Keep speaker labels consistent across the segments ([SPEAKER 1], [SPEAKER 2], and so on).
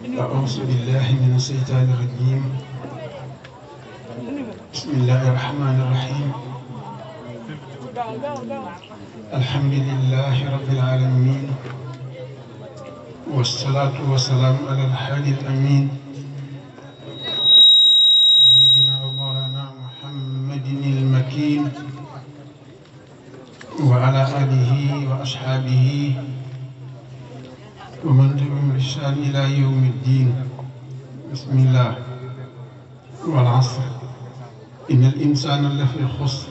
[SPEAKER 1] أعوذ بالله من الشيطان الرجيم بسم الله الرحمن الرحيم الحمد لله رب العالمين والصلاة والسلام على الحادي الأمين سيدنا ومولانا محمد المكين وعلى آله وأصحابه ومن تبعهم بإحسان إلى يوم الدين بسم الله والعصر إن الإنسان لفي خسر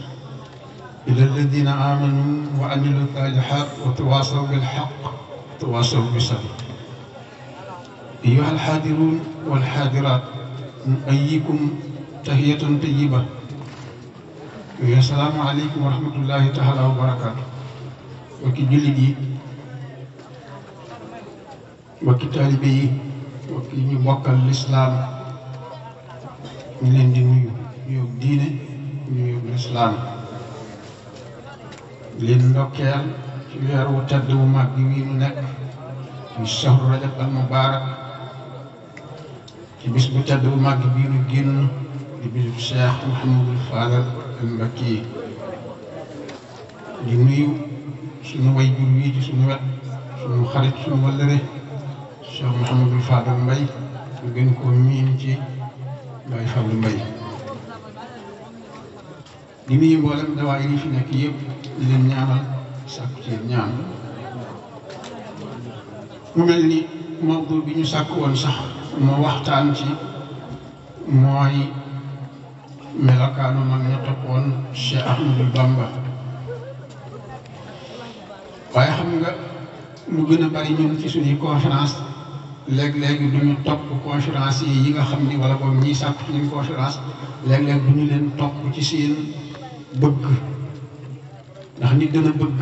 [SPEAKER 1] إلا الذين آمنوا وعملوا الصالحات وتواصوا بالحق وتواصوا بالصبر أيها الحاضرون والحاضرات نؤيكم تحية طيبة السلام عليكم ورحمة الله تعالى وبركاته وكي جلدي mbokki taalibe yi mbokki ñu mokkal lislaam ñu leen di nuyu nuyu diine nuyu lislaam leen ndokkeel ci weer wu tedd wu mag bi wii nekk ñu shahru rajab mubaarak ci bis bu tedd bu mag bii nu di bis bu Cheikh Mouhamadul Fadal al di nuyu suñu way jur wii di suñu wet suñu xarit suñu wallëre Cheikh Mouhamadul Fadal Mbaye ñu gën ko miin ci Baye Fallou Mbaye di nuyu mboolem dawaay yi fi nekk yëpp di leen ñaanal sàkku ci ñaan mu mel ni mawdu bi ñu sàkk woon sax moo waxtaan ci mooy melokaanu mag ña toppoon Cheikh Ahmadou Bamba waaye xam nga lu gën a bari ñun ci suñuy conférence léeg-léeg du ñu topp conférence yi nga xam ni wala boog ñiy sàpp ci ñuy conférence léeg du ñu leen topp ci seen bëgg ndax nit dana bëgg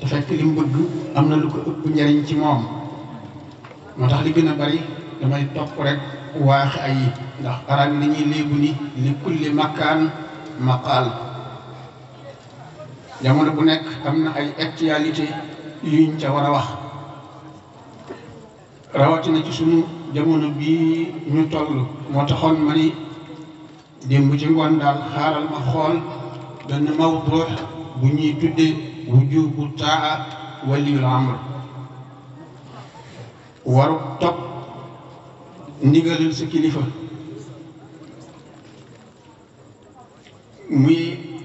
[SPEAKER 1] te fekk li bëgg am na lu ko ëpp njariñ ci moom moo tax li gën a bari damay topp rek waax ay ndax arab li dañuy léebu ni li kulli makkaan maqaal jamono bu nekk am na ay actualité yuñ ca war a wax rawatina ci suñu jamono bii ñu tollu moo taxoon ma ni démb ci ngoon daal xaaral ma xool benn mawduu bu ñuy tudde wujubu taa waliyul amr waru topp ndigalal sa kilifa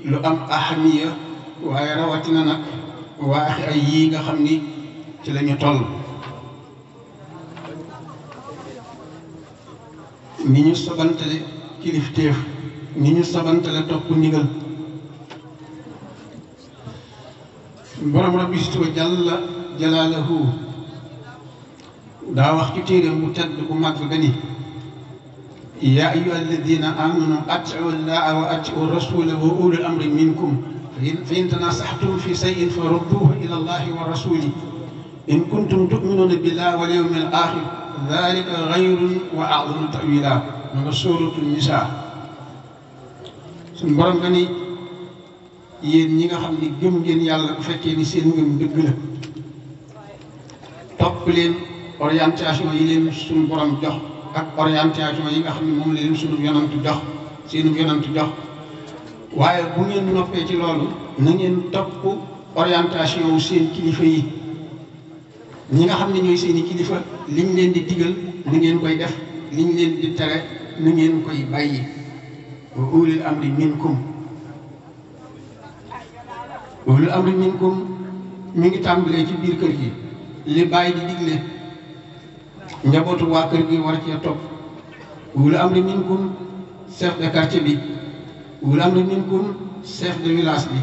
[SPEAKER 1] lu am ahamiya waaye rawatina nag waaxi ay yii nga xam ni ci la ñu toll ni ñu sobantale kilifteef ni ñu sobantale topp ndigal borom rabbi si tuba jàlla jalaalahu daa wax ci téeréem bu tedd bu mag ba ni yaa ayyuha alladina amanu atiu llaha wa atiu rasula wa ulul amri minkum fa in tanasaxtum fi sayin fa rudduhu ila allahi wa rasuli in kuntum tuminuna billah wal yawmi al axir dalika xayrun wa a'zamu tawila ma nga sóoratu nisaa suñ borom nga ni yéen ñi nga xam ni gëm ngeen yàlla bu fekkee ni seen ngëm dëgg la topp leen orientation yi leen suñu jox ak orientation yi nga xam ne moom la leen suñu yonantu jox seenu yonantu jox waaye bu ngeen noppee ci loolu na ngeen topp orientation wu seen kilifa yi ñi nga xam ne ñooy seeni kilifa liñ leen di digal ni ngeen koy def liñ leen di tere ni ngeen koy bàyyi wa ulil amri minkum wa ulil amri minkum mi ngi tàmbalee ci biir kër gi li bàyyi di digle njabootu waa kër gi war cee topp wa ulil amri minkum chef de quartier bi wa ulil amri minkum chef de village bi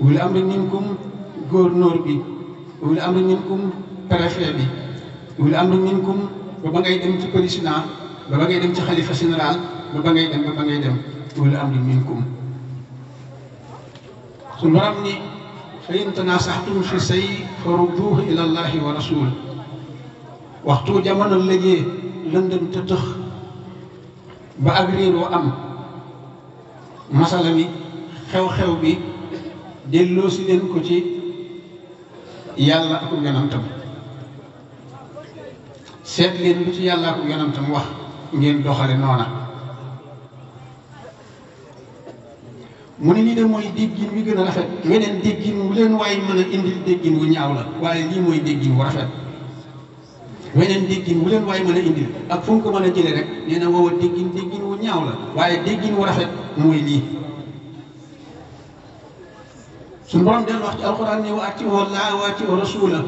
[SPEAKER 1] wa ulil amri minkum gouverneur bi wa ulil amri minkum préfet bi wala amru minkum ba ba ngay dem ci président ba ba xalifa général ba ba ngay dem ba ba ngay dem wala amru minkum su borom ni fa in tanasaxtum fi say fa rudduuhu ila allahi wa rasul waxtu jamono lajee lëndëm te tëx ba ak réeroo am masala xew-xew bi delloo si leen ko ci yàlla ak yonantam seet leen lu ci yàllaa ko tam wax ngeen doxale noona mu ne lii de mooy déggin wi gën a rafet weneen déggin wu leen waay mën a indil déggin wu ñaaw la waaye lii mooy déggin wu rafet weneen déggin wu leen waaye mën a indil ak fu mu ko mën a déggin wu ñaaw waaye déggin wu rafet mooy lii suñu borom del wax ci alxuraan ne wa atiiwu llaaha wa atiiwu rasuula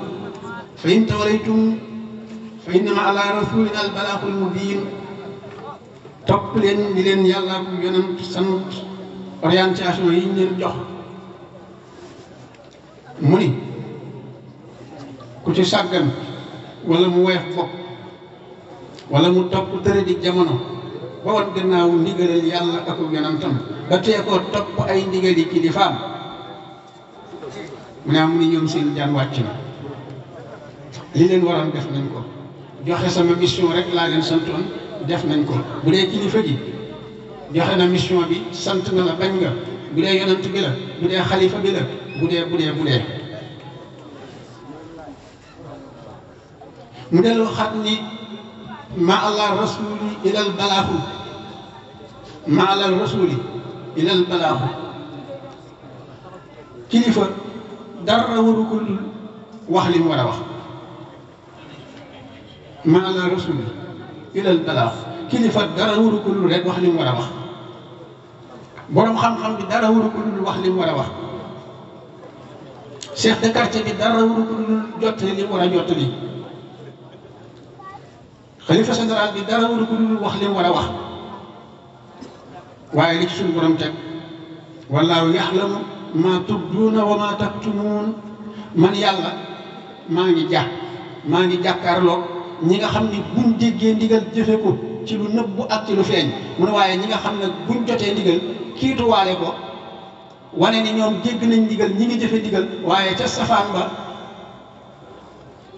[SPEAKER 1] fa in tawallaytum fa innama ala rasulina al balaaxul mubiin topp leen ni leen yàlla ak yonent sant orientation yi ñu leen jox mu ni ku ci sàggan wala mu weex bopp wala mu topp tëre di jamono ba wan gannaaw ndigalal yàlla ak yonentam ba tee koo topp ay ndigali kilifaam mu ne am ni ñoom seen jaan wàcc na li leen waroon def nañ ko joxe sama mission rek laa leen santoon def nañ ko bu dee kilifa gi joxe na mission bi sant na la bañ nga bu dee yonent bi la bu dee xalifa bi la bu dee bu dee bu dee mu dellu xam ni ma allah rasuli ilal balaaxu ma allah kilifa dara waru wax li mu war a wax maanaam rasul ilal balaax kilifa dara waru ko lu wax li mu war a wax borom xam-xam bi dara waru ko wax li mu war a wax chef de quartier bi dara waru ko lu li mu war a jottali xalifa général bi dara waru ko wax li mu war a wax waaye li ci suñu borom teg wallaahu yaxlamu maa tubduuna wa maa taktumuun man yàlla maa ngi jàpp maa ngi jàkkaarloo. ñi nga xam ni buñ déggee ndigal jëfe ko ci lu nëbbu ak ci lu feeñ mu ne waaye ñi nga xam ne buñ jotee ndigal kiituwaale ko wane ni ñoom dégg nañ ndigal ñi ngi jëfe ndigal waaye ca safaan ba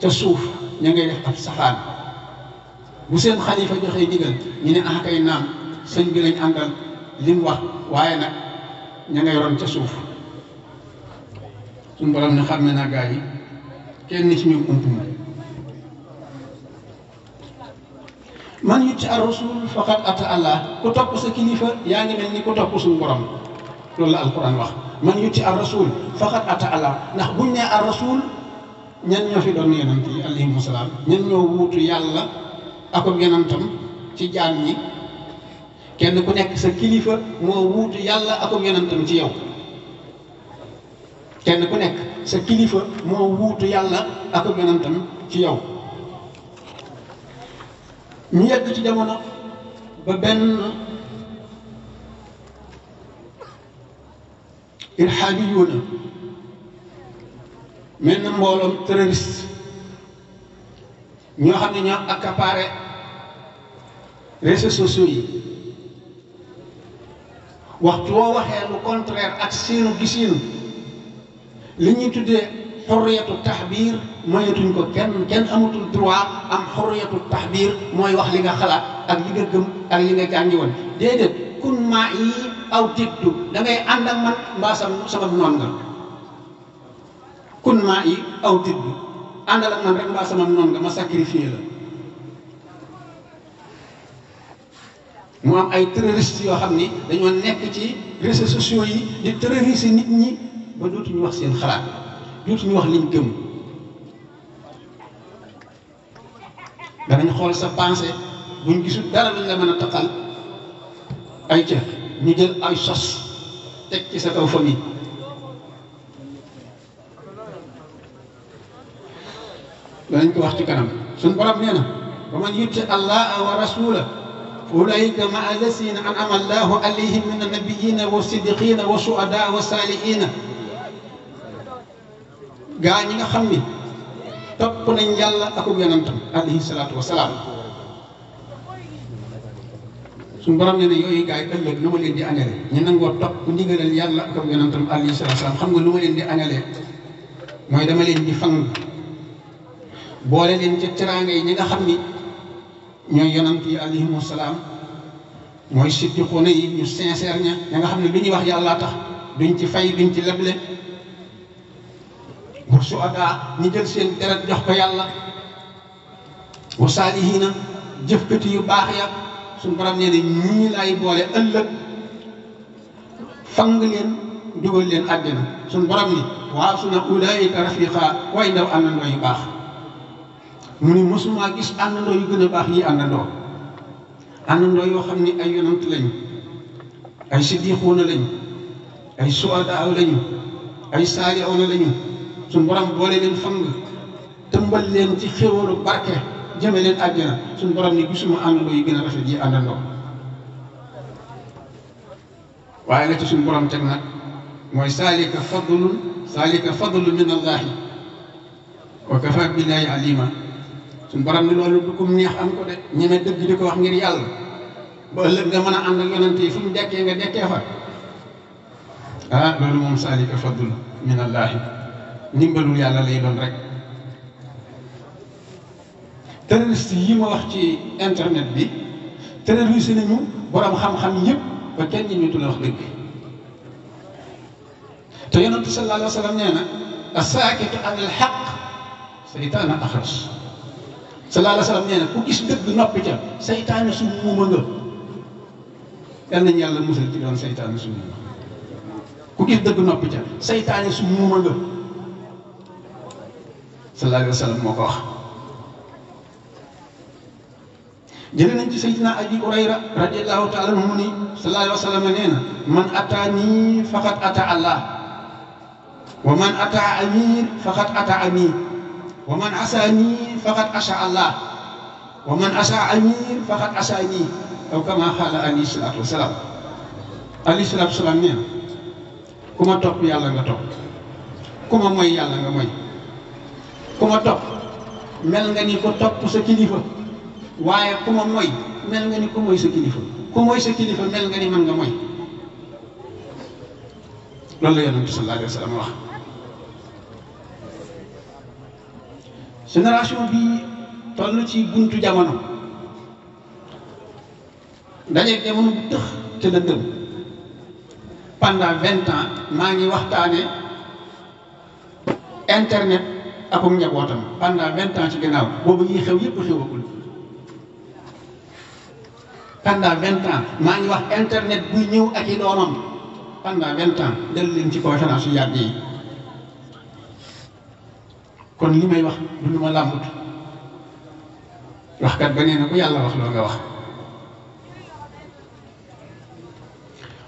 [SPEAKER 1] ca suuf ña ngay def ab safaan bu seen xalifa joxee ndigal ñu ne ah kay naam sëñ bi lim wax waaye nag ña nga yoroon ca suuf suñ borom ne xam ne naa gaa yi kenn ci ñoom ump ma man yutti ar rasul faqad ata allah ku topp sa kilifa yaa ngi mel ni ku topp suñu borom loolu la alquran wax man yutti ar rasul faqad ata allah ndax buñ nee ar rasul ñan ñoo fi doon yonent yi alayhimu salaam ñan ñoo wuutu yàlla ak yonentam ci jaan yi kenn ku nekk sa kilifa moo wuutu yàlla ak yonentam ci yow kenn ku nekk sa kilifa moo wuutu yàlla ak yonentam ci yow ñu yegg ci jamono ba benn ilhaadiyuuna mel na mbooloom terroriste ñoo xam ne ñoo accaparé réseaux sociaux yi waxtu woo waxee lu contraire ak seenu gisiinu li ñuy tuddee xorriyatu taxbiir mayetuñ ko kenn kenn amatul droit am xurriyatu taxbiir mooy wax li nga xalaat ak li nga gëm ak li nga jàngi woon déedéet kun yi aw tiddu da ngay ànd ak man mbaa sama sama noon nga ma sacrifié la mu am ay terroristes yoo xam ni dañoo nekk ci réseaux sociaux yi di terroriser nit ñi ba dootuñu wax seen xalaat dootuñu wax liñ gëm danañ xool sa pensée buñ gisu dara luñ la mën ay jël ay sos teg ci sa kaw famille danañ ko wax ci kanam suñ borom nee na wa man yuti allaha wa rasula أولئك مع الذين أنعم الله عليهم من النبيين والصديقين والشهداء والصالحين. gaa ñi nga xam ni topp nañ yàlla akub yonantam alayhi salaatu wa salaam suñu borom ne ne yooyu gars yi ëllëg lu ma leen di añale ñu nangoo topp ndigalal yàlla akub yonantam alayhi salaam xam nga lu ma leen di añale mooy dama leen di fang boole leen ci teraanga yi ñi nga xam ni ñooy yonant yi alayhimu salaam mooy siddiquuna yi ñu sincère ña ña nga xam ne lu ñuy wax yàllaa tax duñ ci fay duñ ci leble wa suhadaa ñi jël seen deret jox ko yàlla wa saalihiina jëfkati yu baax ya suñu borom nee na ñii laay boole ëllëg fang leen dugal leen àddina suñu borom ni waaw suna ulaayika rafiqa way ndaw àndandoo yu baax mu ni mosumaa gis àndandoo yu gën baax yi àndandoo àndandoo yoo xam ni ay yonant lañu ay siddiquuna lañu ay suhadaa lañu ay saalihuuna lañu suñu borom boole leen fan nga tëmbal leen ci xéwalu barke jëme leen àjjana suñu borom ni gisuma àndandoo yi gën a rafet yi àndandoo waaye la ci suñu borom teg nag mooy saalika fadlun saalika fadlu min allahi wa kafa billahi alima suñu borom ni loolu du neex am ko de ñeme dëgg di ko wax ngir yàlla ba ëllëg nga mën a ànd ak yonent fu ñu dekkee nga dekkee fa ah loolu moom saalika fadlun min allahi ndimbalul yàlla lay doon rek terroriste yi ma wax ci internet bi terroriste nañu borom xam-xam yépp ba kenn ñi ñu tudd wax dëgg te yonent bi sallallahu alayhi wa sallam nee na asaakitu an al xaq saytaana axras sallallahu alayhi wa sallam nee na ku gis dëgg noppi ca saytaana su muuma nga yal nañu yàlla musal ci doon saytaana su muuma ku gis dëgg noppi ca saytaana su muuma nga sallallahu alayhi wa sallam moo ko wax jëlee nañ ci sayyidina abi hurayra radiallahu taala anhu mu ni sallallahu alayhi wa sallam nee na man ataani faqad ata allah wa man ata ani faqad ata ani wa man asaani faqad asa allah wa man asa ani faqad asaani aw kama xaala alayhi salaatu wasalaam alayhi salaatu wasalaam nee na ku ma topp yàlla nga topp ku ma mooy yàlla nga mooy ku ma topp mel nga ni ko topp sa kilifa waaye ku ma moy mel nga ni ko moy sa kilifa ku moy sa kilifa mel nga ni man nga moy loolu la yonent bi sallallahu alayhi wa sallam wax génération bi toll ci buntu jamono dajeeg jamono bu tëx te lëndëm pendant vingt ans maa ngi waxtaane internet akum njabootam pendant vingt ans ci gannaaw boobu yi xew yëpp xewagul pendant vingt ans maa ngi wax internet buy ñëw ak i doomam pendant vingt ans del leen ci conférence yu yàgg yi kon li may wax du lu ma làmbut waxkat ba nee ku yàlla wax loo nga wax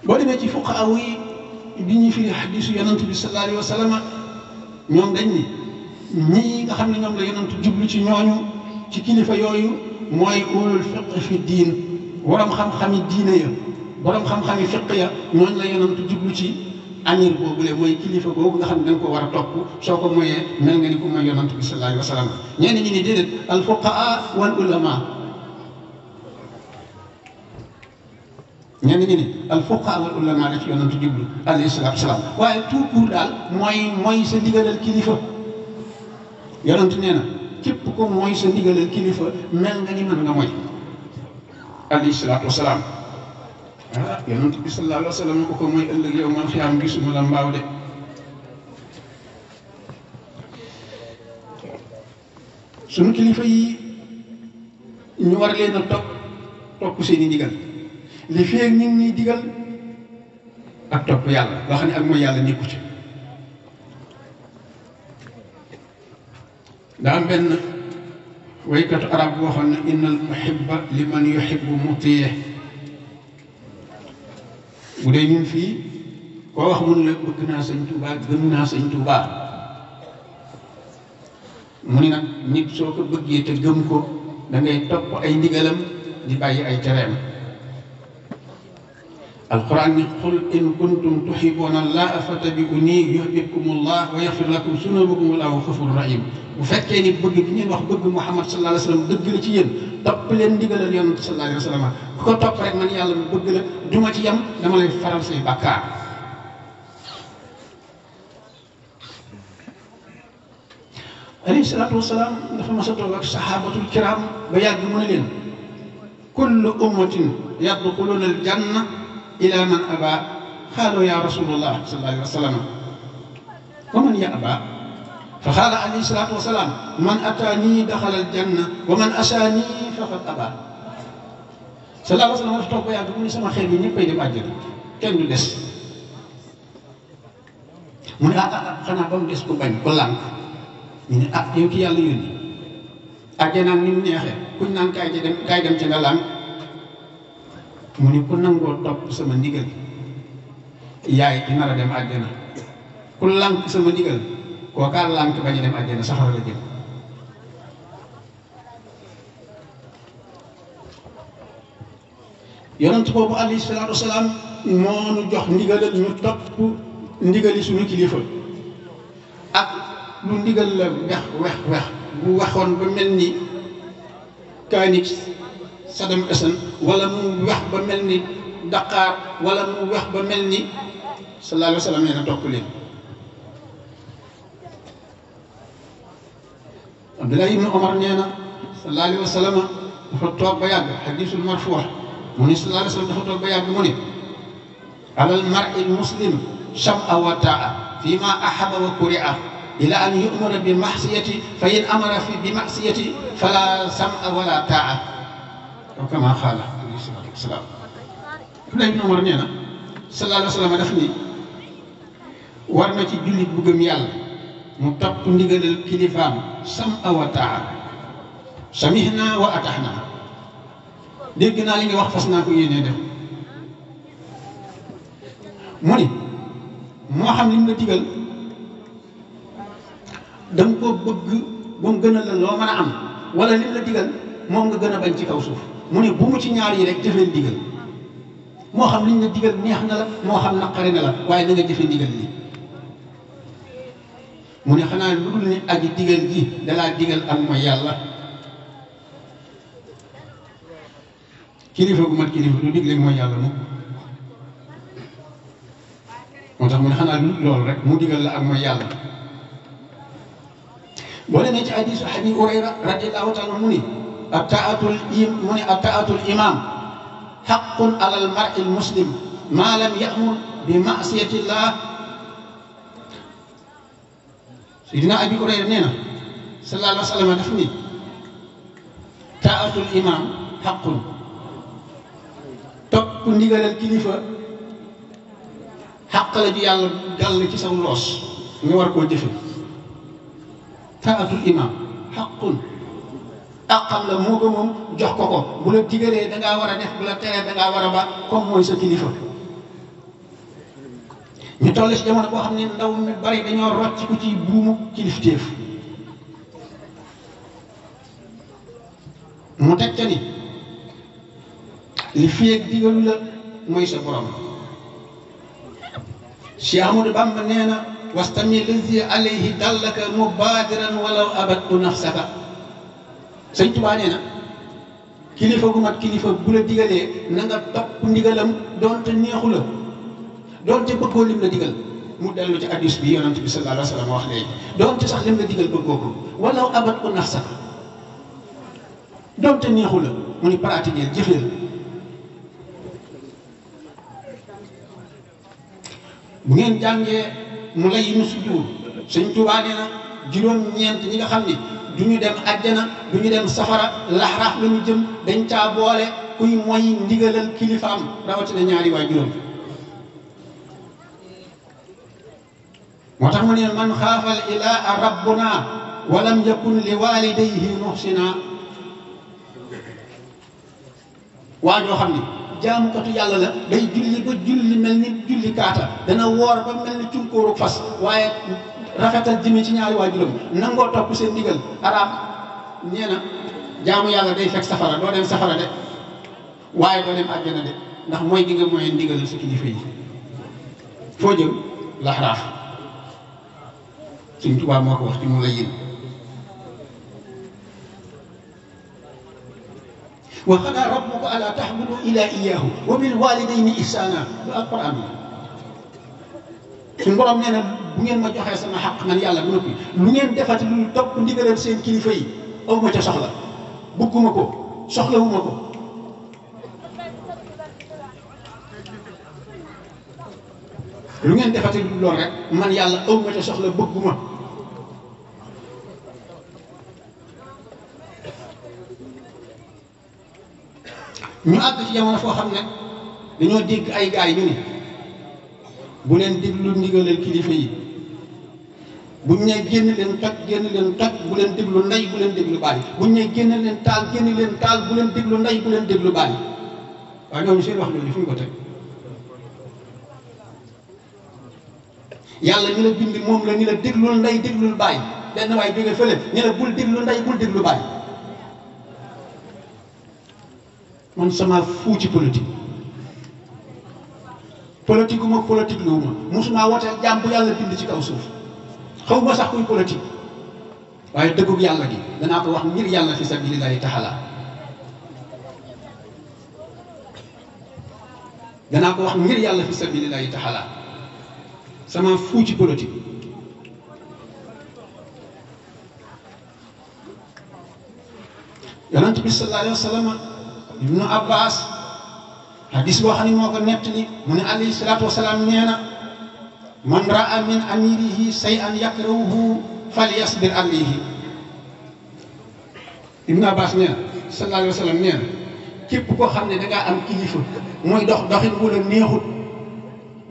[SPEAKER 1] boo demee ci fuqaaw yi bi ñuy firi xadiisu yonent bi sallallahu alayhi ñoom dañ ni ñii nga xam ne ñoom la yonent jublu ci ñooñu ci kilifa yooyu mooy ulul fiq fi diin borom xam-xami diine ya boroom xam-xami fiq ya ñooñu la yonent jublu ci amir boobule mooy kilifa boobu nga xam ne dañ ko war a topp soo ko moyee mel nga ni ko mooy yonent bi sallallahu alayhi wa ñenn ñi ni déedéet al fuqaa wa salaam waaye tout court daal mooy mooy sa ndigalal kilifa yonent nee na képp ku mooy sa ndigalal kilifa mel nga ni mën nga mooy alayhi salaatu wasalaam ah yonent bi sallallahu wa sallam ko ko mooy ëllëg yow man xiyaam gisuma la mbaaw de suñu kilifa yi ñu war leen a topp topp yàlla loo ne ak mooy yàlla nekku daa am benn waykatu arab bu waxoon ne innal muhibba li man yuhibbu mutiye bu dee ñun fii koo wax mun la bëgg naa sëñ Tuubaa gëm naa sëñ Tuubaa mu ni nag nit soo ko bëggee te gëm ko da topp ay ndigalam di bàyyi ay tereem alquran ni qul in kuntum tuhibbuna allaha fattabi'uni yuhbibkumu llah wa yaghfir lakum zunubakum wallahu ghafurun rahim bu fekkee ni bëgg bi ngeen wax bëgg Muhammad sallallahu alayhi wa sallam dëgg la ci yéen topp leen ndigalal yonent sallallahu alayhi wa sallam ku ko topp rek man yàlla mu bëgg la du ma ci yem dama lay faral say bàkkaar alayhi salaatu wasalaam dafa mas a toog ak saxaabatul kiraam ba yàgg mu ne leen kullu ummatin yadxuluna aljanna ila man aba xaaloo ya rasulullah sallallahu alayhi wa sallam wa man ya aba fa xaala alayhi salaatu wa salaam man ataanii daxala aljanna wa man asaanii faqad aba sallallahu alayhi mu ne sama xel yi ñëppay dem àjjana kenn du des mu ne ah, ah ah xanaa ba mu des ko bañ ko lànk ñu ne ah yow ki yàlla yónni àjjanaan ni mu neexee kuñ naan kaay dem kaay dem ci nga lànk mu ni ku nangoo topp sama ndigal yaay dina la dem àjjana ku lànk sama ndigal kookaa lànk bañu dem àjjana saxara la jëm yonent boobu alayhi salaatu moo nu jox ndigalal ñu topp ndigali suñu kilifa ak lu ndigal la wex wex wex bu waxoon ba mel ni kaanix Saddam Hussein wala mu wax ba mel ni Dakar wala mu wax ba mel ni sallallahu alayhi wa sallam nee na topp leen Abdullah ibn Omar nee na sallallahu alayhi wa sallam dafa toog ba yàgg xadisul marfuwa mu ni sallallahu alayhi wa sallam dafa toog ba yàgg mu ni alal mar'i muslim sam'a wa taa'a fi ma ahaba wa kuri'a ila an yu'mara bi ma'siyati fa in amara fi bi ma'siyati fala sam'a wala taa'a kama xaala alayhi salaatu nee na sallallahu alayhi wa sallam war na ci jullit bu yàlla mu topp ndigalal kilifaam sam awa taa samihna wa dégg naa li nga wax fas naa ko yéenee def mu ni moo xam li mu digal danga ko bëgg ba mu gënal la loo man a am wala li mu digal moom nga gën a bañ ci kaw suuf mu ne bu mu ci ñaar yi rek jëf leen moo xam liñ la digal neex na la moo xam naqari na la waaye na nga jëfe ndigal li mu ne xanaa lu dul ne dalaa digal ak mooy yàlla kilifa gu mat kilifa du digle mooy yàlla moom moo tax mu ne xanaa lu loolu rek mu digal la ak mooy yàlla boo demee ci hadiisu Abi Hurayra radiyallaahu taala mu ne attaatul mu ne attaatul imaam xaqun alal mar'il muslim maa lam ya'mur bi ma'siyatillah sidina abi hurayra nee na sallallahu alayhi wa sallam daf ni taatul imaam xaqun topp ndigalal kilifa xaq la ju yàlla dal ci saw loos nga war koo jëfe taatul imaam xaqun àqam la moo ko moom jox ko ko bu la digalee da war a def bu la teree da war a ba comme mooy sa kilifa. ñu toll si jamono boo xam ne ndaw mi bari dañoo rocc ku ci buumu kilifteef mu teg ca ni li feeg digalu mooy sa borom. Cheikh Amadou Bamba nee na wastamil lazi alayhi dallaka mubadiran walaw abattu nafsaka sëñ Tuubaa nee na kilifa gu mat kilifa bu la digalee na nga topp ndigalam doonte neexu la doonte bëggoo lim la digal mu dellu ci addis bi yonent bi sallallahu alayhi wa sallam wax sax lim la digal bëggoo ko walaw abat ko nax sax doonte neexu la mu ni pratiquer jëfeel bu ngeen jàngee mu lay nu sujjuur sëñ Tuubaa na juróom-ñeent ñi nga xam ni du ñu dem ajjana du ñu dem safara laxrax la lañu jëm dañ caa boole kuy moy ndigalal kilifaam rawatina ñaari waajuram moo tax mu ne man xaafal ilaa wa walam yakun li walidayhi muhsina waa joo xam ne jaamukatu yàlla la day julli ba julli mel ni julli kaata dana woor ba mel ni cunkóoru fas waaye rafetal jëmee ci ñaari waajuram nangoo topp seen ndigal araam nee na jaamu yàlla day fekk safara doo dem safara de waaye doo dem àjjana de ndax mooy gi nga mooy ndigalal sa kilifa foo jëm laxraaf suñ tubaab moo ko wax ci mu la yén wa xadaa rabbuka alaa ilaa iyaahu wa bil waalidayni ihsaana lu alquran suñ borom nee na bu ngeen ma joxee sama xaq lu ngeen defati lu topp ndigalal seen kilifa yi aw bëgguma ko ngeen defati lu rek man yàlla aw ma ca soxla bëgguma ñu àgg ci jamono foo xam ne dañoo dégg ay gaay ñu ni bu leen déglu ndigalal kilifa yi buñ ne génn leen toj génn leen toj bu leen déglu ndey bu leen déglu bàyyi buñ ne génn leen taal génn leen taal bu leen déglu ndey bu leen déglu bàyyi waaye ñooñu seen wax loolu fu ñu ko bind moom la ñu la déglul ndey déglul bàyyi waay jóge fële ñu la bul déglu ndey bul déglu bàyyi man sama fuu ci politique politique gu ma politique lu wu ma mosumaa wooteel jàmm bu yàlla bind ci kaw suuf xaw ma sax kuy politique waaye dëggub yàlla gi danaa ko wax ngir yàlla fi sabilillahi taala danaa ko wax ngir yàlla fi sabilillahi taala sama fuu ci politique yonent bi sallallahu alayhi wa sallam ibnu hadis boo xam moo ko nettali mu ne alayhi salaatu wasalaam nee na man raa min amirihi shay'an yakrahuhu falyasbir alayhi Ibn Abbas nee na sallallahu alayhi wa sallam nee na képp koo xam ne dangaa am kilifa mooy dox doxin wu la neexut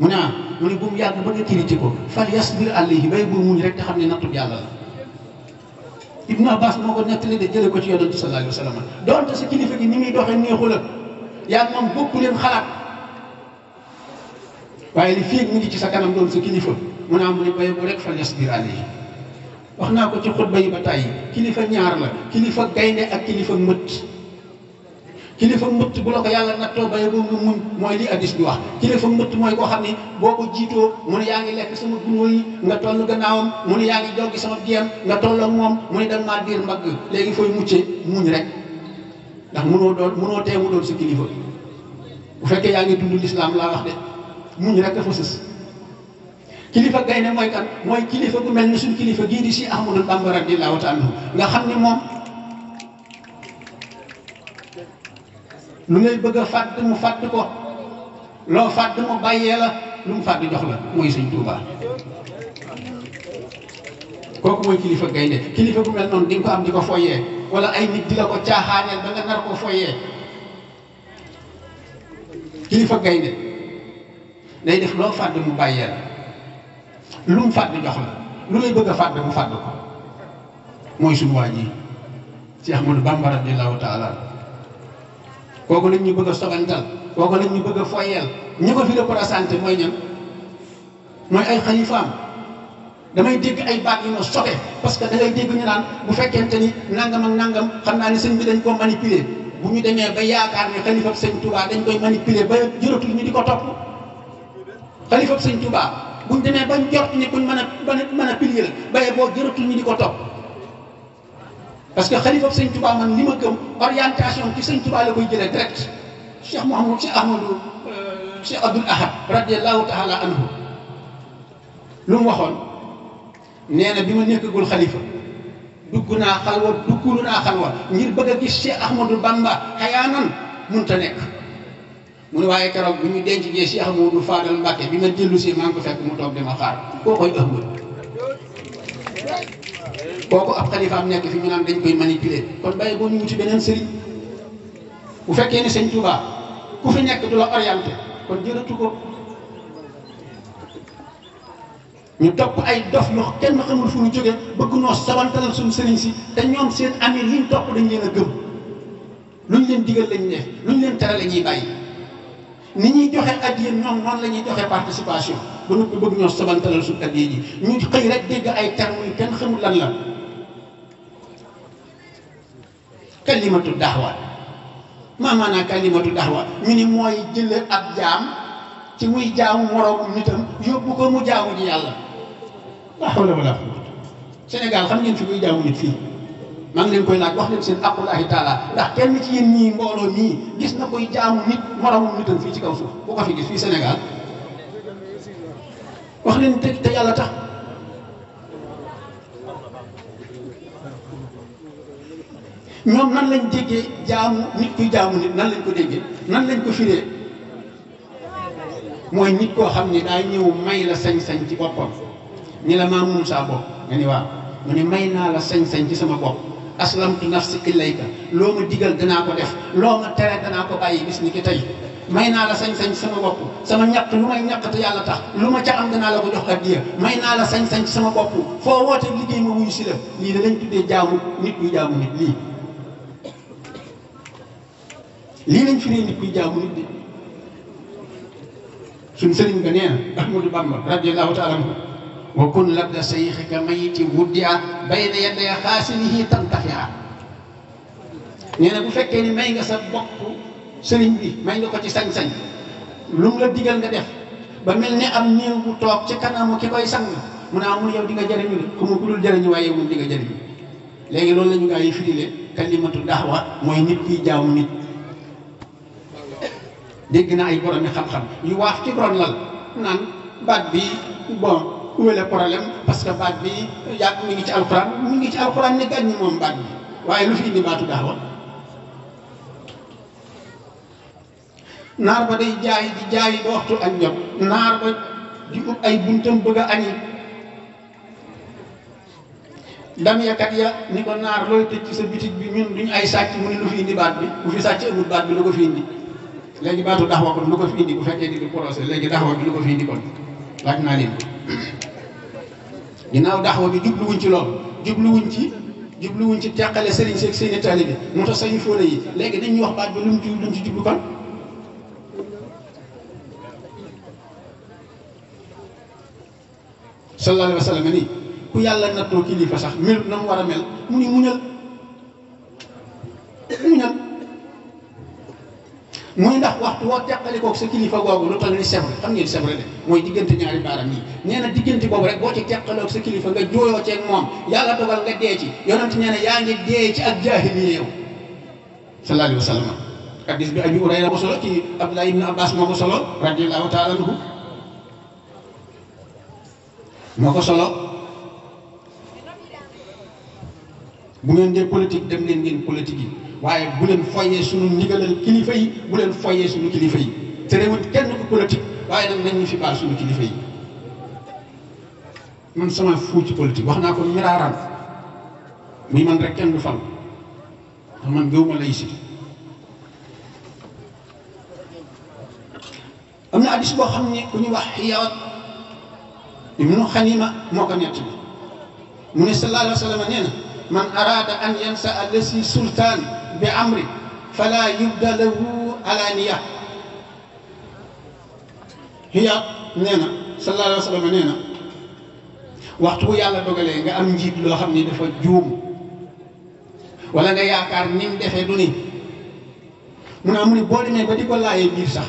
[SPEAKER 1] mu ne ah mu ne bu mu yàgg ba nga critiqué ko falyasbir alayhi bay bu muñ rek te xam ne nattu yàlla la. Ibn Abbas moo ko nettali de jële ko ci yonent sallallahu alayhi wa sallam donte sa kilifa gi ni muy doxee neexu la yaa moom bokku leen xalaat. waaye li fii mu ngi ci sa kanam doon sa kilifa mu naa mu ne bay bu rek fa les biir àll yi wax naa ko ci xutba yi ba tàyyi kilifa ñaar la kilifa gaynde ak kilifa mbëtt kilifa mbëtt bu la ko yàlla nattoo bay bu nga muñ mooy li addis bi wax kilifa mbëtt mooy koo xam ne boo ko jiitoo mu ne yaa ngi lekk sama gunóo yi nga toll gannaawam mu ne yaa ngi joggi sama biyam nga toll moom mu ne da maa diir mbagg léegi fooy muccee muñ rek ndax mënoo doon mënoo muñ rek dafa sës kilifa gaynde mooy kan mooy kilifa gu mel ni suñ kilifa gii di si Ahmadou Bamba radiyallahu taala nga xam ni moom lu ngay bëgg fàdd mu fàdd ko loo fàdd mu bàyyee la lu mu fàdd jox la mooy sëñ Tuubaa kooku mooy kilifa gaynde kilifa gu mel noonu di ko am di ko foyee wala ay nit di la ko caaxaaneel ba nga nar ko foyee kilifa gaynde day def loo fàdd mu bàyyee lu mu fàdd jox la lu lay bëgg a fàdd mu fàdd ko mooy suñu waa ji Cheikh Ahmadou Bamba radiyallahu taala kooku lañ ñu bëgg a sobantal kooku lañ ñu bëgg foyeel ñi ko fi représenté mooy ñan mooy ay xalifaam damay dégg ay baat yu ma sobe parce que da ngay dégg ñu naan bu fekkente ni nangam ak nangam xam naa ne sëñ bi dañ ko manipuler bu ñu demee ba yaakaar ne xalifab sëñ Touba dañ koy manipuler ba jëratul ñu di ko topp xalifa sëñ Tuubaa buñ demee bañ jort ni buñ mën a mën a pilier la baye boo jëratul di ko topp parce que xalifa sëñ Tuubaa man li ma gëm orientation ci sëñ Tuubaa la koy jëlee direct Cheikh Mouhamadou Cheikh Ahmadou euh, Cheikh Abdoul Ahad taala anhu lu mu waxoon nee na bi ma nekkagul xalifa dugg naa xalwa duggulu naa xalwa ngir bëgg a gis Cheikh Ahmadou Bamba xayaa nan munta nekk mu ne waaye keroog bu ñu denc jee Cheikh Modou Fadal Mbacke bi nga dellu si man ngi ko fekk mu toog ma xaar koo koy ëmbal kooku ab xalifaam nekk fi ñu naan dañ koy manipuler kon bàyyi boo ñu ci beneen sëriñ bu fekkee ne sëñ Touba ku fi nekk du la orienté kon jërëtu ko ñu topp ay dof yoo kenn xamul fu ñu jógee bëgg noo sabantalal suñu sëriñ si te ñoom seen ami liñ topp dañ leen a gëm luñ leen digal lañu def luñ leen tere la bàyyi. ni ñuy joxe addiya ñoom noonu la ñuy joxe participation ba noppi bëgg ñoo sabantalal suñu addiya ji ñu xëy rek dégg ay termes yu kenn xamul lan la kalimatu daawa maa maanaa kalimatu daawa ñu ni mooy jële ab jaam ci muy jaamu moroom nitam yóbbu ko mu jaamu yàlla laa hawla wala Sénégal xam ngeen fi muy jaamu nit fii maa ngi leen koy laaj wax leen seen aqullahi taala ndax kenn ci yéen ñii mbooloo mii gis na koy jaamu nit moroomum nitam fii ci kaw suuf ku ko fi gis fii Sénégal wax leen te te yàlla tax ñoom nan lañ déggee jaamu nit kuy jaamu nit nan lañ ko déggee nan lañ ko firee mooy nit koo xam ne daa ñëw may la sañ-sañ ci boppam ni la maa moom saa bopp nga ni waaw mu ne may naa la sañ-sañ ci sama bopp aslamtu nafsi ilayka loo ma digal danaa ko def loo ma tere danaa ko bàyyi gis ni ki tey may naa la sañ-sañ sama bopp sama ñaq lu may ñaq te yàlla tax lu ma ca am danaa la ko jox addiya may naa la sañ-sañ sama bopp foo woote liggéey ma wuyu si la lii da lañ tuddee jaamu nit kuy jaamu nit lii lii lañ fi ne nit kuy jaamu nit bi suñ sëriñ ba nee na Bamba radiyallahu taala anhu wa kun ladda sayxika mayiti wuddi a bayna yadday xaasinihi tantafiha nee na bu fekkee ni may nga sa bopp sëriñ bi may nga ko ci sañ-sañ lu mu la digal nga def ba mel ni am néew bu toog ci kanamu ki koy sang mu ne amul ah, yow di nga jëriñu de ku mu guddul waaye mun di nga jëriñu léegi loolu la ñu gaa yi firile kalimatu daawa mooy nit kiy jaamu nit dégg na ay borom yi xam-xam yu waaf ci borom lal naan baat bi bon wala problème parce que baat bi yàgg mi ngi ci alxuraan mi ngi ci alxuraan ne gàññi moom baat bi waaye lu fi indi baatu daawa naar ba day jaay di jaay ba waxtu ba di a ni ko naar ci sa bitig bi mu ne lu fi indi baat bi bu fi sàcc amul baat bi lu ko fi indi léegi kon lu ko fi indi bu fekkee di di procès léegi daawa bi lu ko fi indi kon laaj naa leen ginnaaw daxwa bi jubluwuñ ci lool jubluwuñ ci jubluwuñ ci teqale sëriñ si ak seeni taalibe moo tax sañu fóole yi léegi dañ ñu wax baat bi lu mu ci lu mu ci jublu kon sallallahu alayhi wa sax mel na war a mel mu ni muñal muñal muy ndax waxtu woo teqalikoog sa kilifa googu lu toll ni sebre xam ngeen sebre de mooy diggante ñaari baaram yi nee na diggante boobu rek boo ci teqaloog sa kilifa nga jooyoo ceeg moom yàlla dogal nga dee ci yonent nee na yaa ngi dee ci ak jaahiliya yow sallallahu alayhi wa sallam hadis bi Abi Hurayra ko solo ci Abbas moo ko solo radiyallahu taala anhu moo ko solo bu ngeen dee politique dem leen ngeen politique yi waaye bu leen foyee suñu ndigalal kilifa yi bu leen foyee suñu kilifa yi terewul kenn ku politique waaye nag nañ ñu fi baal suñu kilifa yi man sama fuu ci politique wax naa ko miraaraan muy man rek kenn du fan man gëwuma lay am na addis boo xam ne ku ñu wax xiyaat ibnu xanima moo ko nett bi mu ne sallallahu la wa sallam nee na man araada an yansa alasi sultaan bi amri fala yubda lahu alaaniya hiya nee na sallallahu alayhi wa sallam waxtu yàlla dogalee nga am njiit loo xam ni dafa juum wala nga yaakaar ni mu defee ni mu ne amu ni boo demee ba di ko laajee biir sax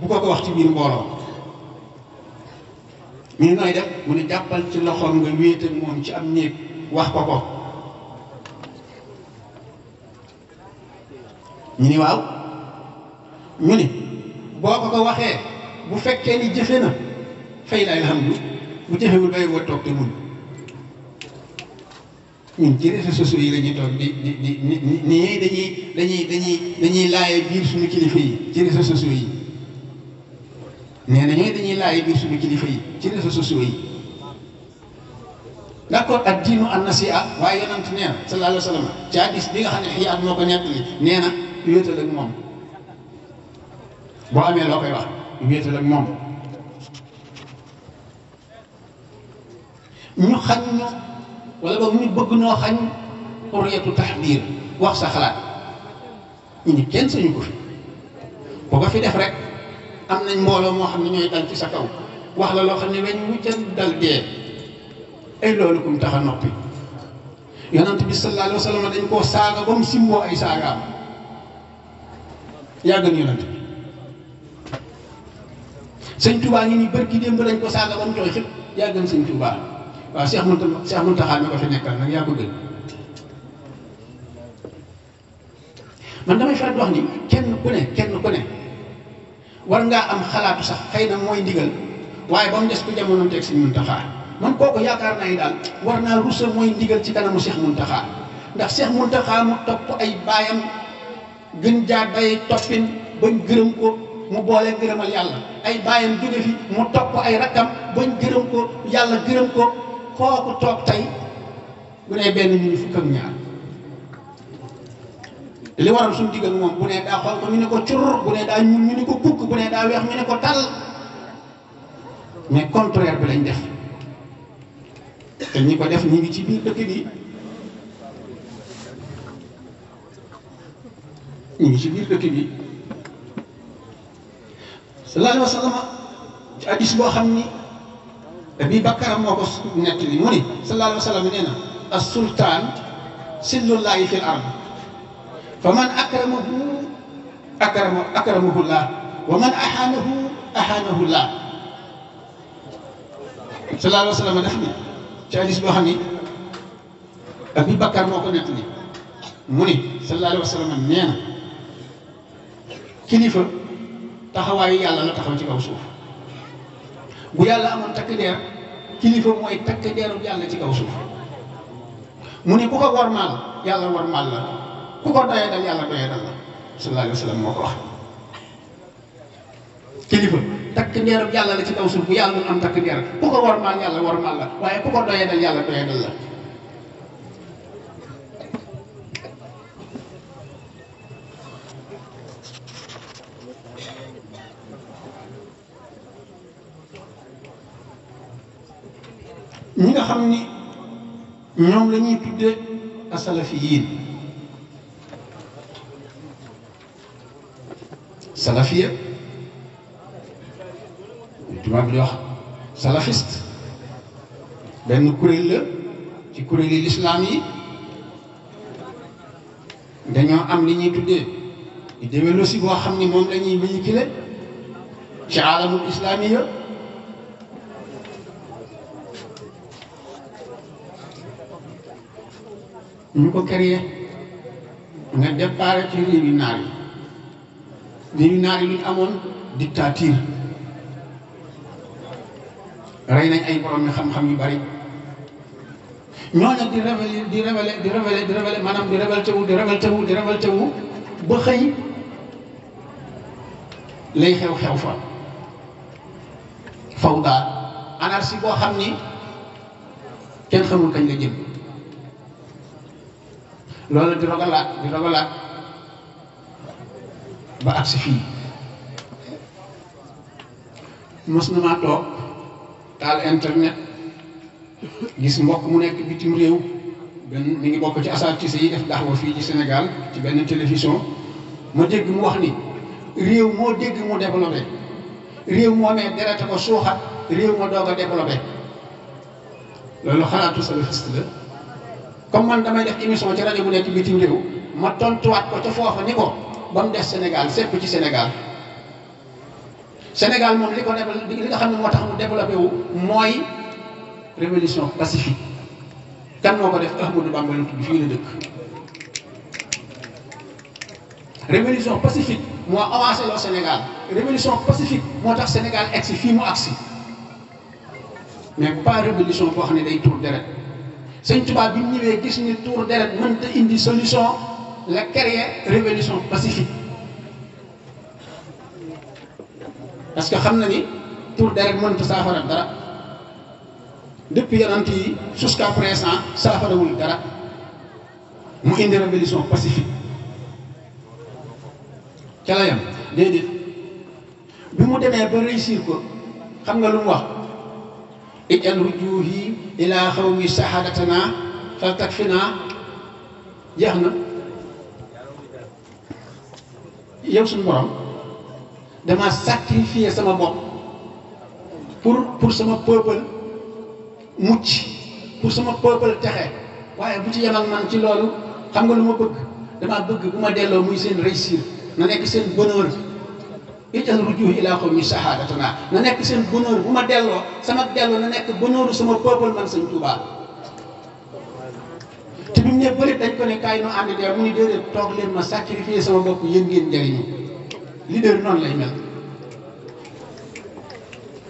[SPEAKER 1] bu ko ko wax ci biir mbooloo ñu nooy def mu ne jàppal ci loxoom nga wéet moom ci am néeg wax ko ko ñu ni waaw ñu ni boo ko ko waxee bu fekkee ni jëfe na fay la alhamdu bu jëfewul doy woo toog mun ñun ci réseaux sociaux yi lañuy ñuy toog di di di ni nii dañuy dañuy dañuy dañuy laaye biir suñu kilifa yi ci réseaux na dañuy laaye biir suñu kilifa yi ci réseaux sociaux yi d'accord ak diinu an nasiha waaye yonent nee na sallallahu alayhi wa sallam ci hadis bi nga xam ne xii at moo ko nettali nee na wéetal ak moom boo amee loo koy wax wéetal ak moom ñu xañ ñu wala boog ñu bëgg noo xañ xurriyatu taxdiir wax sa xalaat ñu kenn sañu ko fi boo ko fi def rek am nañ mbooloo moo xam ne ñooy dal ci sa kaw wax la loo xam ne weñ wuccan dal dee ay loolu kum tax a noppi yonent bi sa alayhi wa sallam dañ koo saaga ba mu simboo ay saagaam yaa gën yonent bi sëñ Touba ngi ni bërki démb lañ ko saaga ba mu jooy xëpp yaa gën sëñ Touba waaw Cheikh Mounta Cheikh Mountakha mi ko fi nekkal nag yaa ko gën man ni kenn kenn ku ngaa am xalaatu sax xëy na mooy ndigal waaye ba mu des ku jamono teg sëñ Mountakha man kooku yaakaar naa ni daal war naa rusa mooy ndigal ci kanamu Cheikh Mountakha ndax Cheikh Mountakha mu topp ay baayam. gën jaa day toppin bañ gërëm ko mu boole gërëmal yàlla ay bàyyam jóge fi mu topp ay rakkam bañ gërëm ko yàlla gërëm ko kooku toog tey bu ne benn ñu fukk ak ñaar li waral suñu diggal moom bu ne daa xool ko ñu ne ko cur bu ne daa ñuul ñu ne ko kukk bu ne daa weex ñu ne ko tal mais contraire bi lañ def te ñi ko def ñu ngi ci biir dëkk bi ñu ngi ci biir dëkk bi sallallahu alayhi wa sallam ci hadis boo xam ni Abi Bakar moo ko nekk li mu ni sallallahu alayhi wa sallam nee na as sultaan sillullahi fil ard fa man akramahu akrama akramahu llah wa man ahaanahu ahaanahu llah sallallahu alayhi wa sallam def ni ci hadis boo xam ni Abi Bakar moo ko nekk li mu ni sallallahu alayhi wa sallam nee na kilifa taxawaayu yàlla la taxaw ci kaw suuf bu yàlla amoon takk deer kilifa mooy takk deeru yàlla ci kaw suuf mu ni ku ko warmaal yàlla warmaal la ku ko doyee dal yàlla doyee dal la sallallahu alayhi moo ko wax kilifa takk deeru yàlla la ci kaw suuf bu yàlla am takk deer ku ko warmaal yàlla warmaal la waaye ku ko doyee dal yàlla doyee la xam ni ñoom la ñuy tuddee asalafiyiin salafiya tubaab di wax benn kuréel la ci kuréeli lislaam yi dañoo am li ñuy tuddee idéologie boo xam ni moom la ñuy véhiculer ci alamul islaamiya ñu ko créé nga départ ci réewi naar yi réewi naar yi lu ñu amoon dictature rey nañ ay borom ñu xam-xam yu bari ñoo nag di révélé di révélé di révélé di révélé maanaam di révélé wu di révélé wu di révélé wu ba xëy lay xew-xew fa faw daal anarchie boo xam ni kenn xamul kañ la jëm loolu di roga laat di roga laat ba agsi fii mos na maa toog taal internet gis mbokk mu nekk bitim réew benn mu ngi bokk ci asartise yi def daxwa fii ci Sénégal ci benn télévision ma dégg mu wax ni réew moo dégg mu développé réew moo nee derete ko suuxat réew ma doog a développé loolu xalaatu salafiste la comme man damay def émission ci rajo bu nekk bitim réew ma tontuwaat ko ca foofa ni ko ba mu des Sénégal sepp ci Sénégal Sénégal moom li ko li nga xam ne moo tax mu développé wu mooy révolution pacifique kan moo ko def Ahmadou Bamba la tudd fii la dëkk révolution pacifique moo avancé Sénégal révolution pacifique moo tax Sénégal egsi fii mu agsi mais pas révolution boo xam ne day tuur deret sëñ Tuubaa bi mu ñëwee gis ni tuur deret mënta indi solution la créer révolution pacifique parce que xam na ni tuur deret mënta saafara dara depuis yonent yi jusqu'à présent saafarawul dara mu indi révolution pacifique ca la yam déedéet bi mu demee ba réussir ko xam nga lu mu wax it an rujuhi ilaa xawmi saxaadatanaa fal takfinaa jeex na yow suñu borom dama sacrifier sama bopp pour pour sama peuple mucc pour sama peuple texe waaye bu ci yem ak man ci loolu xam nga lu ma bëgg dama bëgg bu ma delloo muy seen réussir na nekk seen bonheur ital rujuh ilaa qawmi shahaadatuna na nekk seen bonheur bu ma delloo sama delloo na nekk bonheuru sama peuple man sëñ Tuubaa te bi mu ne bëri dañ ko ne kaay noo ànd dee mu ni déedéet toog leen ma sacrifier sama bopp yéen ngeen njëriñu leader noonu lay mel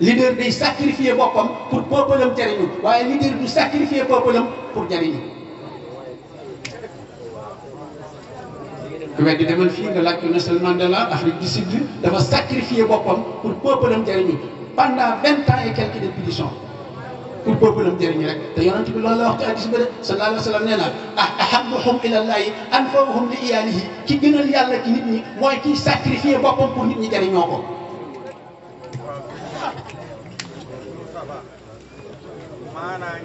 [SPEAKER 1] leader day sacrifier boppam pour peuple am jëriñu waaye leader du sacrifier peuple am pour jëriñu ku weddi demal fii nga laaj ko Nelson Mandela Afrique du Sud dafa sacrifier boppam pour peuple am jëriñu pendant vingt ans et quelques de pétition pour peuple am jëriñu rek te yonent bi loolu la wax ci hadiis bi de sallallahu alayhi wa sallam nee na ah ahabbuhum ilallahi anfa'uhum li iyaalihi ki gënal yàlla ci nit ñi mooy kiy sacrifier boppam pour nit ñi jëriñoo ko maanaam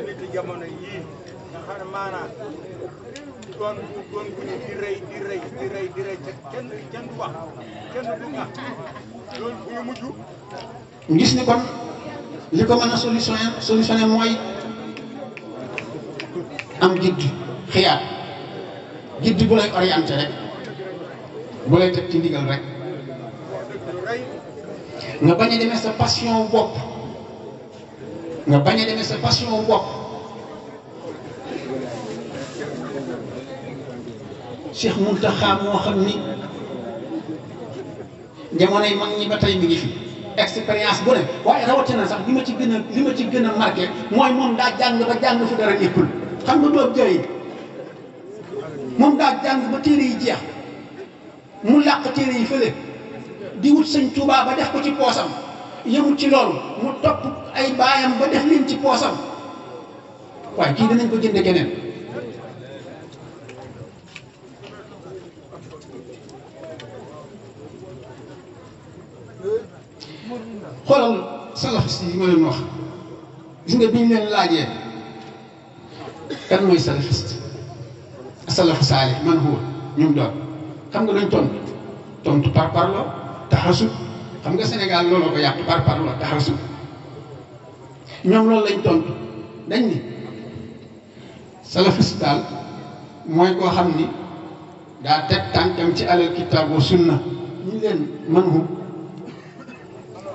[SPEAKER 1] ñii ñii doon doon bu ni kon li ko mën a solutionné solutionné mooy am jidd xiyaat jidd bu lay orienté rek bu lay teg ci ndigal rek nga bañ a demee sa passion bopp nga bañ a demee sa passion bopp. Cheikh Mountakha moo xam ni jamonoy mag ñi ba tey mi ngi fi expérience bu ne waaye rawatina sax li ma ci gën li ma ci gën a marqué mooy moom daa jàng ba jàng fu dara éppul xam nga doob jooy moom daa jàng ba téere yi jeex mu làq téere yi fële di wut sëñ Tuubaa ba def ko ci poosam yëmut ci loolu mu topp ay baayam ba def leen ci poosam waaye kii danañ ko jënd keneen artiste yi ma leen wax gis nga biñ leen laajee kan mooy salafiste salafu man huwa ñum doon xam nga dañ tontu tontu par parlo taxasub xam nga Sénégal loolu ko yàq par parlo taxasub ñoom loolu lañ tontu dañ ni salafiste daal mooy koo xam ni daa teg tànkam ci alal kitaab wa sunna ñu leen man hu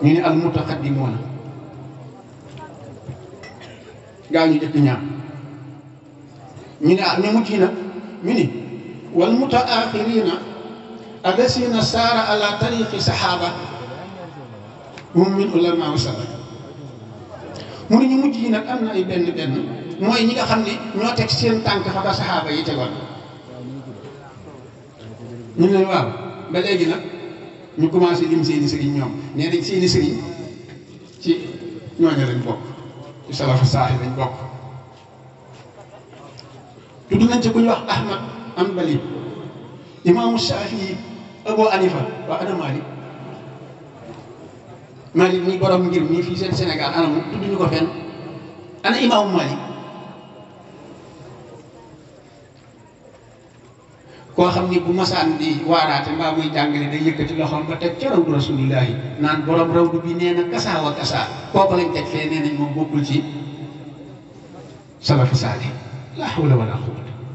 [SPEAKER 1] ñu ne al mutaqaddimoona gaa ñi jëkk ñaar ñu ne ah ñu mucc yi nag ñu ni wal mutaaxirina allasina saara ala tariqi saxaaba hum min la wa salaf mu ne ñu mujj yi nag am na ay benn benn mooy ñi nga xam ne ñoo teg seen tànk fa ba saxaaba yi tegoon ñu ne waaw ba léegi nag ñu commencé lim seeni sëriñ ñoom nee nañ seeni sëriñ ci ñooñu lañ bokk ci salafu saaxi lañ bokk tudd nañ ci ku ñuy wax ahmad hanbali imaamu shafii abu hanifa waa ana malik malik mi borom ngir mi fii seen sénégal ana mu tudd ko fenn ana imaamu malik koo xam ni bu masaan di waaraate maa muy jàngale day yëkkati loxoom ba teg ca rawdu rasulillahi naan borom rawdu bi nee na kasaa wa kasaa kooku lañ teg fee nee nañ moom bokkul ci salafu saalih
[SPEAKER 2] la hawla wala quwwata